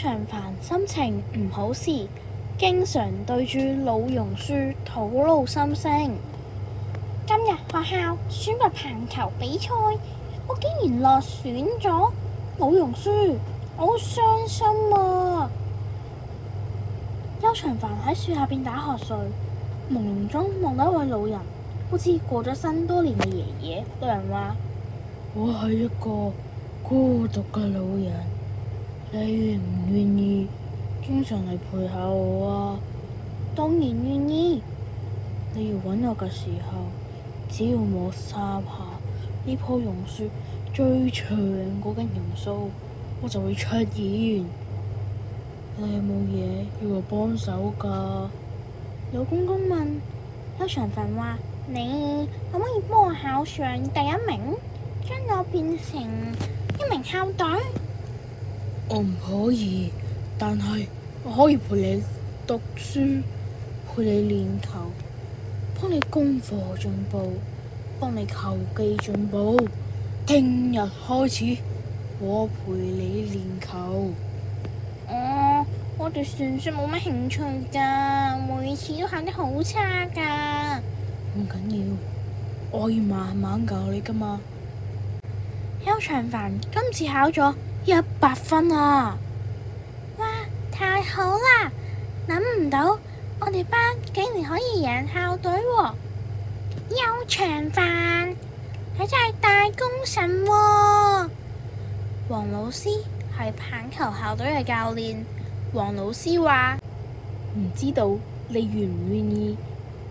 邱長凡心情唔好時，經常對住老榕樹吐露心聲。今日學校選拔棒球比賽，我竟然落選咗，老榕樹，我好傷心啊！邱長凡喺樹下邊打瞌睡，朦朧中望到一位老人，好似過咗身多年嘅爺爺，老人話：我係一個孤獨嘅老人。你願唔願意經常嚟陪下我啊？當然願意。你要揾我嘅時候，只要我三下呢棵榕樹最長嗰根榕須，我就會出現。你有冇嘢要我幫手㗎？老公公問邱長奮話：你可唔可以幫我考上第一名，將我變成一名校隊？我唔可以，但係我可以陪你讀書，陪你練球，幫你功課進步，幫你球技進步。聽日開始，我陪你練球。哦，我我對算術冇乜興趣噶，每次都考得好差噶。唔緊要，我可以慢慢教你噶嘛。邱長凡，今次考咗。一百分啊！哇，太好啦！諗唔到我哋班竟然可以贏校隊喎。哦，又長飯，你真係大功臣喎哦！黃老師係棒球校隊嘅教練。黃老師話：唔知道你願唔願意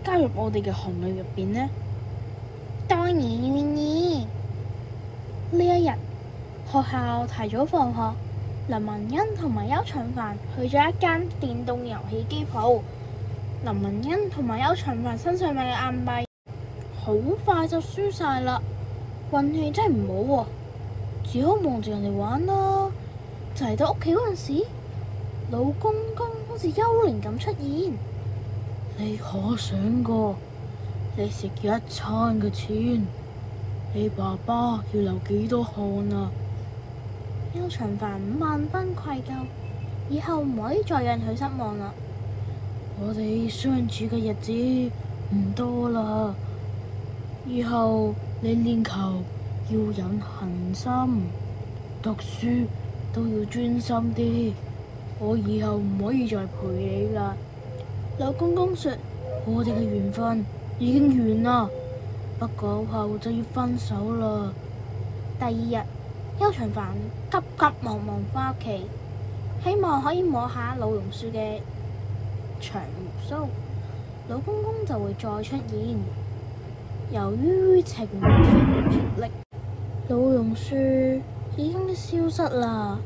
加入我哋嘅行列入邊呢？當然願意，呢一日。學校提早放學，林文欣同埋邱長凡去咗一間電動遊戲機鋪。林文欣同埋邱長凡身上面嘅硬幣，好快就輸晒啦，運氣真係唔好喎，只好望住人哋玩啦。就嚟到屋企嗰陣時，老公公好似幽靈咁出現。你可想過，你食一餐嘅錢，你爸爸要流幾多汗啊？邱長凡萬分愧疚，以後唔可以再讓佢失望啦。我哋相處嘅日子唔多啦，以後你練球要忍恒心，讀書都要專心啲。我以後唔可以再陪你啦。老公公說：我哋嘅緣分已經完啦，不久後就要分手啦。第二日。邱長凡急急忙忙返屋企，希望可以摸下老榕樹嘅長鬍鬚，老公公就會再出現。由於晴天霹靂，老榕樹已經消失啦。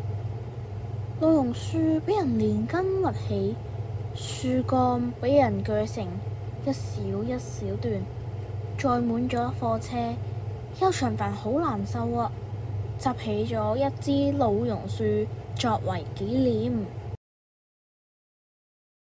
老榕樹畀人連根拔起，樹幹畀人鋸成一小一小段，載滿咗貨車。邱長凡好難受啊！拾起咗一支老榕樹，作為紀念。